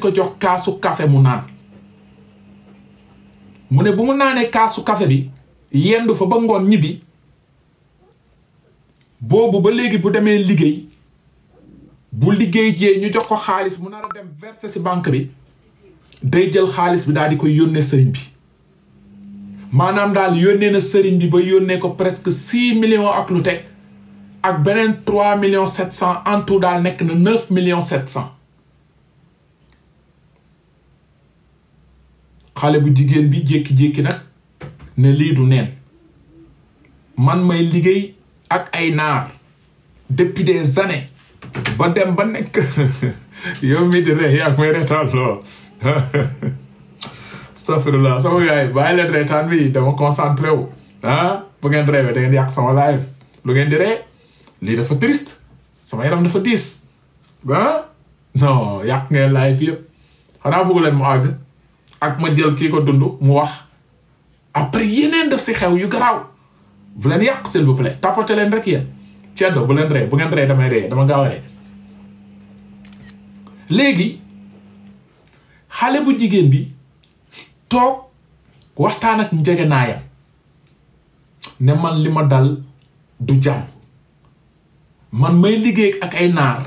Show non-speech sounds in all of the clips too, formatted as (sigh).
ko jox kaasu café mu naan mu ne bu mu naanee kaasu kafe bi yendu fa ba ngoon ñibbi boobu ba léegi bu demee liggéey bu liggéey jee ñu jox ko xaalis mu nar dem verser ci banque bi day jël xaalis bi daal di koy yónnee sëriñ bi maanaam daal yónnee na sëriñ bi ba yónnee ko presque six millions ak lu teg ak beneen trois millions sept cent en daal nekk na neuf millions sept xale bu jigéen bi jékki-jékki na ne lii du neen man may liggéey ak ay naar depuis des années ba dem ba nekk (laughs) yow mi di ree yaa may reetaan loo (laughs) astafirullah sama ah, bu ngeen reewee yàq sama live lii dafa triste yaram dafa diis ah yàq ngeen live yëpp xanaa bëgg leen mu àgg ak ma jël kii ko dund mu wax après yeneen def si xew yu garaaw bu leen yàq s'il vous plaît tapote leen rek yéen ceddo bu leen ree bu ngeen ree damay ree dama gaaw léegi xale bu jigéen bi toog waxtaan ak njegenaayam ne man li ma dal du jàmm man may liggéey ak ay naar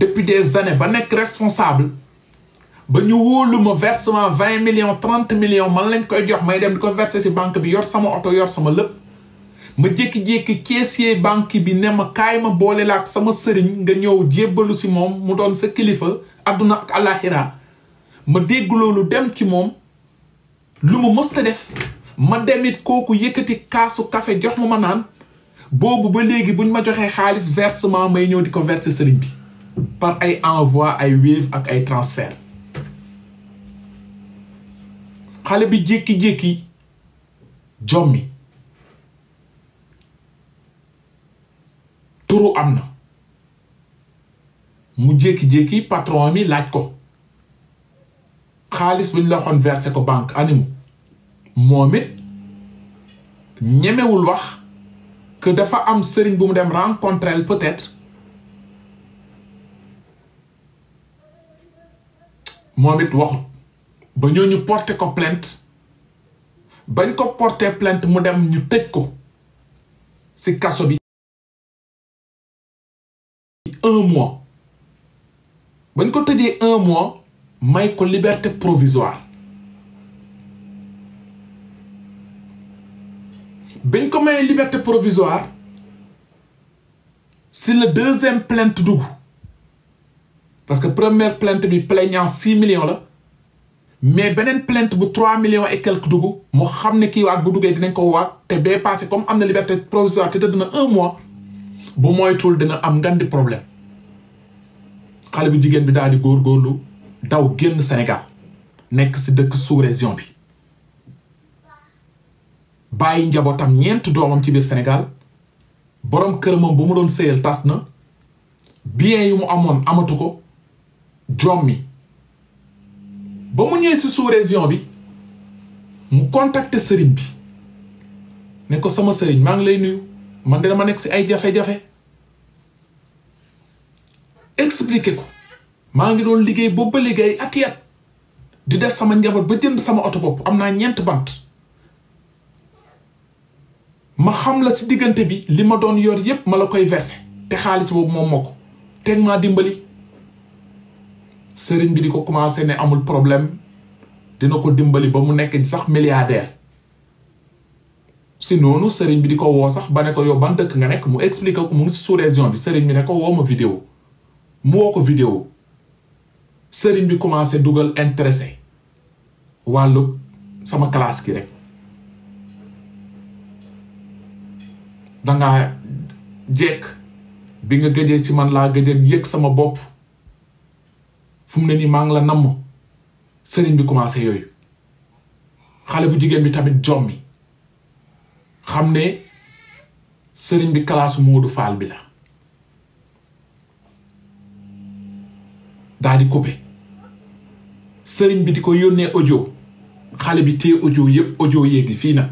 depuis des années ba nekk responsable ba ñu wóolu ma versement vingt millions trente millions man lañ koy jox may dem di ko verser si banque bi yor sama oto yor sama lépp ma jékki-jékki caissier banque bi ne ma kaay ma boole la ak sama sëriñ nga ñëw jébbalu si moom mu doon sa kilifa adduna ak alaxira ma dégg loolu dem ci moom lu ma mës def ma demit kooku yëkkati kaasu kafe jox ma ma naan boobu ba léegi buñ ma joxee xaalis versement may ñëw di ko verser sëriñ bi par ay envoi ay wave ak ay transfert xale bi jékki-jékki jommi turu am na mu jékki-jékki patron mi laaj ko xaalis bu ñu la waxoon versé ko banque animu moom it ñemewul wax que dafa am sëriñ bu mu dem rencontrel peut-être moom it waxut ba ñooñu porté ko bañ ko porté plainte mu dem ñu tëj ko ci kaso bi bañ ko tëjee un mois may ko liberté provisoire bañ ko mayee liberté provisoire si la deuxième plainte dugg parce que première plainte bi plaignant six millions la mais beneen plainte bu trois millions et quelques dugg mu xam ne kii waat bu duggee dinañ ko waat te bee passé comme am na liberté provisoire te na un mois bu moytuwul dina am ngan problème xale bu jigéen bi daal di góor góorgóorlu daw génn Sénégal nekk si dëkk sous région bi bàyyi njabootam ñeent doomam ci biir Sénégal borom kër moom bu mu doon sëyal tas na bien yu mu amoon amatu ko joom mi ba mu ñëwee si sous région bi mu contacter sëriñ bi ne ko sama sëriñ maa ngi lay nuyu man de dama nekk si ay jafe-jafe expliquer ko maa ngi doon liggéey boobu ba liggéey ati at di def sama njaboot ba jënd sama oto bopp am naa ñeent bant ma xam la si diggante bi li ma doon yor yépp ma la koy verser te xaalis boobu moom moo ko teg maa dimbali sëriñ bi di ko commencé ne amul problème dina ko dimbali ba mu nekk sax milliardaire si noonu sëriñ bi di ko woo sax ba ne ko yow ban dëkk nga nekk mu expliqué ko mu ngi si sous région bi sëriñ bi ne ko woo ma vidéo mu woo ko vidéo sëriñ bi commencé dugal intéressé wàllu sama classe ki rek dangaa jekk bi nga gëjee ci man laa gëjee yëg sama bopp fu mu ne nii maa ngi la namm sëriñ bi commencé yooyu xale bu jigéen bi tamit jommi xam ne sëriñ bi kalaasu Moodu Faal bi la daa di coupé sëriñ bi di ko yónnee audio xale bi téye audio yëpp ojo yéegi fii na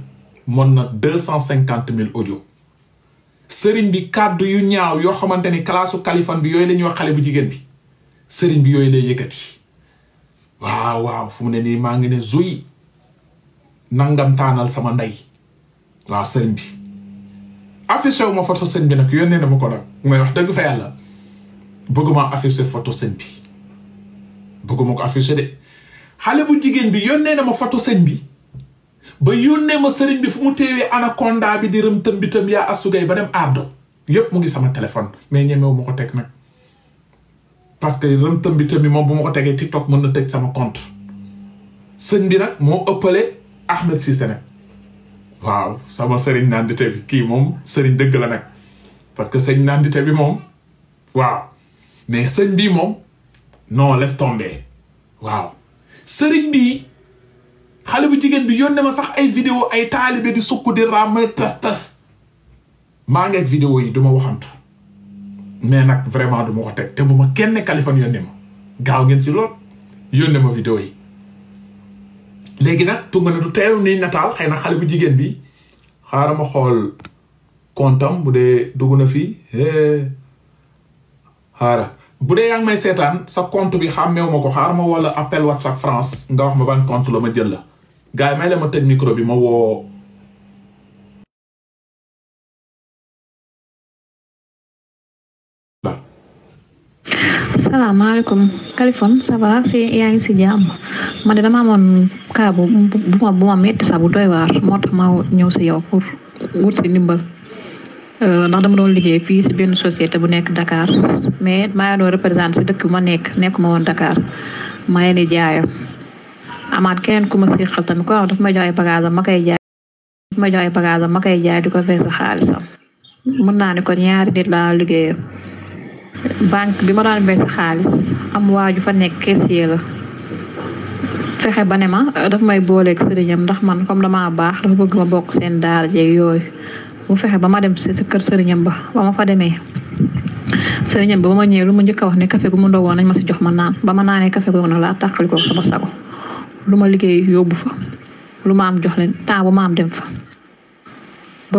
mën na deux cent cinquante mille audio sëriñ bi kàddu yu ñaaw yoo xamante ni kalaasu kalifan bi yooyu la ñuy wax xale bu jigéen bi sëriñ bi yooyu lay yëkkati waaw waaw fu mu ne nii maa ngi ne zuy nangam taanal sama ndey waaw sëriñ bi affiché wu ma photo sëñ bi nag yónnee na ma ko nag mooy wax dëgg fa yàlla bëgguma affiché photo sëñ bi bëgguma ko affiché de xale bu jigéen bi yónnee na ma foto sëñ bi ba yónnee ma sëriñ bi fu mu teewee anaconda bi di rëm tëmbitam yaa asugay ba dem ardo yépp mu ngi sama téléphone mais ñemewu ko teg nag parce que rëmtëm bi moom bu ma ko tegee TikTok mën na tëj sama compte sëñ bi nag moo ëppale Ahmed si nag waaw sama sëriñ nandite bi kii moom sëriñ dëgg la nag parce que sëñ nandite bi moom waaw mais sëñ bi moom non laisse tomber waaw sëriñ bi xale bu jigéen bi yónnee ma sax ay vidéo ay taalibe di sukk di raam tëf tëf maa ngeeg vidéo yi duma waxantu mais nag vraiment du ma ko teg te bu ma kenn Kaliphone yónnee ma gaaw ngeen si lool yónnee ma vidéo yi léegi nag tunga ne du teelu ni nataal xëy na xale bu jigéen bi xaaral ma xool kontam bu dee dugg na fii xaaral bu dee yaa ngi may seetaan sa compte bi xàmmeewu ma ko xaaral ma wala appel WhatsApp France nga wax ma ban compte la ma jël la gars yi may la ma tëj micro bi ma woo salaamaaleykum Kaliphone ça va si yaa ngi si jàmm ma de dama amoon kaa bu bu ma bu ma metti sax bu doy waar moo tax ma ñëw si yow pour wut si ndimbal euh, ndax dama doon liggéey fii si benn société bu nekk Dakar mais maa ngi doon dëkk ma nekk nekk woon Dakar maa ngi di jaay amaat keneen ku ma seqal tamit koo xam dafa ma jox ay koy jaay dafa ma jox ay bagages ma koy jaay di ko vex sa xaalisam mën naa ne kon ñaari nit laa liggéey banque bi ma daan versé xaalis am waaju fa nekk caissier la fexe ba ne ma eh, daf may booleeg sëriñam ndax man comme dama baax dafa bëgg ma bokk seen daar jeeg yooyu bu fexe bama ma dem si kër sëriñam ba ba ma fa demee sëriñam ba ma ñëwee lu ma njëkk a wax ne café gu mu ndogoon nañ ma si jox ma naan ba ma naanee café googu nag laa tàqali ko sama sago lu ma liggéey yóbbu fa lu ma am jox leen temps bu ma am dem fa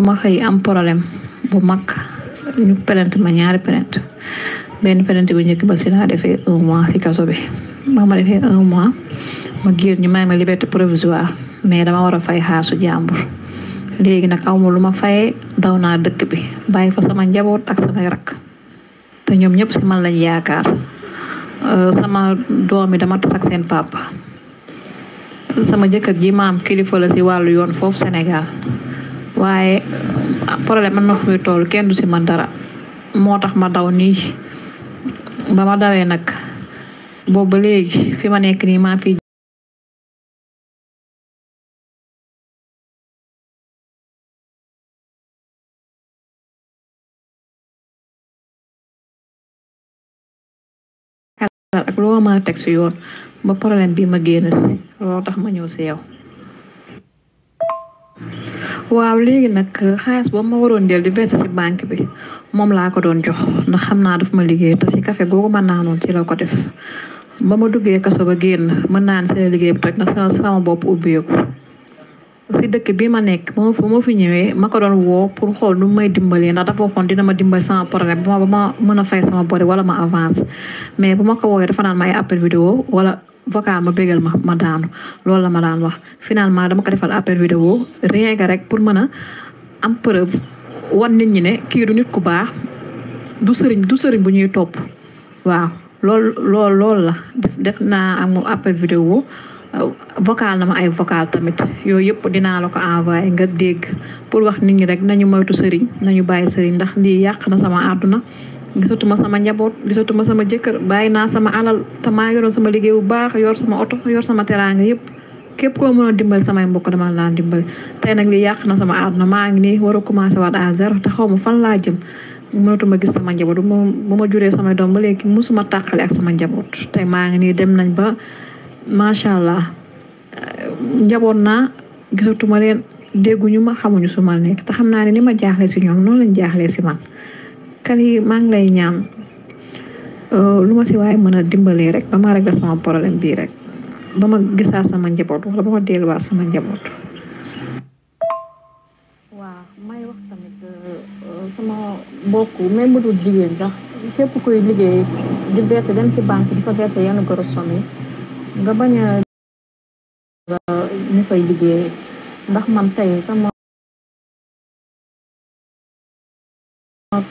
ba xëy am problème bu mag ñu plainte ma ñaari plainte benn plainte bu njëkk ba si naa defee un mois si kaso bi ba ma defee un mois ma génn ñu may ma liberté provisoire mais dama war a fay xaasu jàmbur léegi nag awma lu ma faye daw naa dëkk bi bàyyi fa sama njaboot ak sama rakk te ñoom ñëpp si man lañ yaakaar euh, sama doom yi dama tas ak seen papa sama jëkkër ji maam kilifa la si wàllu yoon foofu Sénégal waaye problème man na fu kenn du si man dara moo tax ma daw nii ba ma dawee nag boobu ba fi ma nekk nii maa fi ak teg si yoon ba problème bi ma génn si tax ma ñëw si waaw léegi nag xaalis boobu ma waroon del di verser ci banque bi moom laa ko doon jox ndax xam naa daf ma liggéey te ci café googu ma naanoon ci la ko def ba ma duggee kaso ba génn ma naan seen liggéey bi toj na sama bopp ubbeeku si dëkk bi ma nekk ma ma fi ñëwee ma ko doon woo pour xool nu may dimbalee ndax dafa waxoon dina ma dimbal sama problème ba ma mën a fay sama bori wala ma avance mais bu ma ko woowee dafa naan ma ay appel vidéo wala. vocal ma bégal ma ma daanu loolu la ma daan wax finalement dama ko defal appel vidéo rien que rek pour mën a am preuve nit ñi ne kii du nit ku baax du sëriñ du sëriñ bu ñuy topp waaw lool loolu loolu la def naa amul appel vidéo vocal na ma ay vocal tamit yooyu yëpp dinaa la ko envoyé nga dégg pour wax nit ñi rek nañu moytu sëriñ nañu bàyyi sëriñ ndax lii yàq na sama àdduna gisatuma sama njaboot gisatuma sama jëkkër bàyyi naa sama alal te maa yoroon sama liggéey bu baax yor sama oto yor sama teraanga yëpp képp koo mën a dimbali samay mbokk demal laa dimbali tey nag li yàq na sama àdduna maa ngi nii war commencé waat à te xaw ma fan laa jëm mënatuma gis sama njaboot bu ma juree samay doom ba léegi musuma tàqale ak sama njaboot tey maa ngi nii dem nañ ba macha allah njaboot naa gisatuma leen dégguñu ma xamuñu su ma nekk te xam naa ne ni ma jaaxlee si ñoom noonu lañ jaaxlee si man kali maa ngi lay ñaan euh, lu ma si waaye mën a dimbalee rek ba ma régler sama problème bii rek ba ma gisaa sama njaboot wala delluwaat sama njaboot. waaw may wax tamit euh, sama mbokk même bu dul jigéen sax képp kuy liggéey di verser dem ci banque di fa verser yenn gros somme nga bañ a euh, fay liggéey ndax man tey sama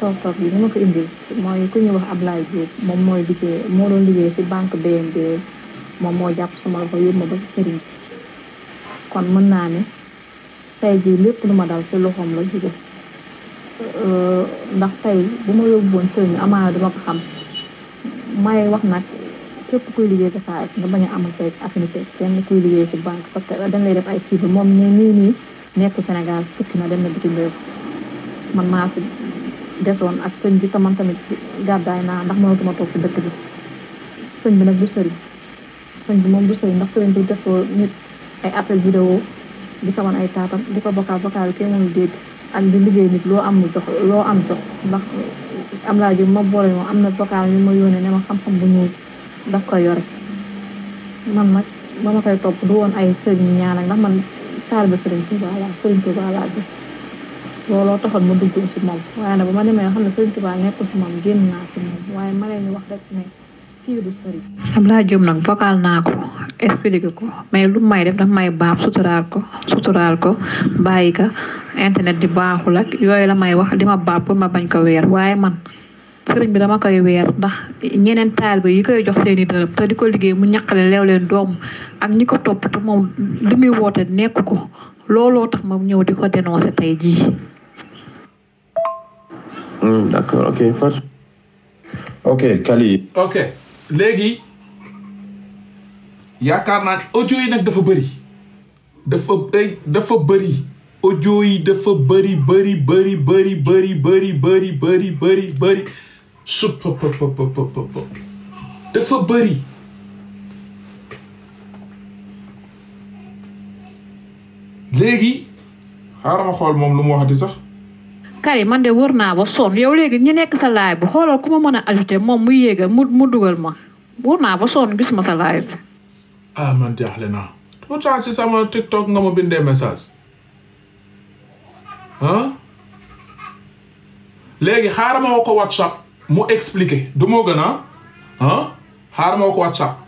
toog-toog yi ni ma ko indil mooy ku ñuy wax Ablaye Diop moom mooy liggéey moo doon liggéey ci banque BND moom moo jàpp sama loxo yóbbu ma ba sëriñ kon mën naa ne tey lépp lu ma dal ci loxoom la jóge ndax bu ma yóbbu woon sëriñ amaana duma ko xam may wax nag képp kuy liggéey ci xaalis nga bañ a amal tey affinité kenn kuy liggéey ci banque parce que dañ def ay cible moom nii nii nii nekku Sénégal fukki na dem na bitim man maa fi desoon ak sëñ bi te man tamit gàddaay naa ndax mënatuma toog si dëkk bi sëñ bi nag du sëriñ sëñ bi moom du sëriñ ndax sëriñ bi defoo nit ay appel vidéo di ko wan ay taatam di ko bokkaal bokkaal kenn mënul dégg di liggéey nit loo am jox loo am jox ndax am laa ji ma boole moom am na bokkaal yu ma yónnee ne ma xam-xam bu ñuul daf ko yore man mag ba ma koy topp du woon ay sëriñ ñaan ak ndax man taal ba sëriñ Tuubaa laa laa bi looloo taxoon ma dugg si moom waaye nag ba ma xam ne Sëriñ Tuubaa nekkul si moom génn naa waaye ma leen wax rek ne kii du sëriñ. naa ko expliqué ko mais lu may def daf may baab suturaal ko suturaal ko bàyyi ka internet di baaxul ak yooyu la may wax di ma baab pour ma bañ ko weer waaye man. sëriñ bi dama koy weer ndax ñeneen taalibe yi koy jox seeni dërëm te di ko liggéey mu ñaqale leew leen doom ak ñi ko topp te moom li muy woote nekk ko looloo tax ma ñëw di ko dénoncé tey jii Mm, d'accord ok parce ok Kali. ok léegi yaakaar naa audio yi nag dafa bëri dafa dafa bëri audio yi dafa bëri bëri bëri bëri bëri bëri bëri bëri bëri bëri su dafa bëri léegi xaaral ma xool moom lu mu waxati sax Kari man de wër naa ba sonn yow léegi ñu nekk sa laay bi xoolal ku ma mën a ajouté moom mu yéegal mu mu dugal ma wër naa ba sonn gis ma sa laay bi. ah man jaaxle naa. pourtant si sama TikTok nga ma bindee message. léegi xaaral ma woo ko WhatsApp mu expliqué du moo gën a ah xaaral ma woo ko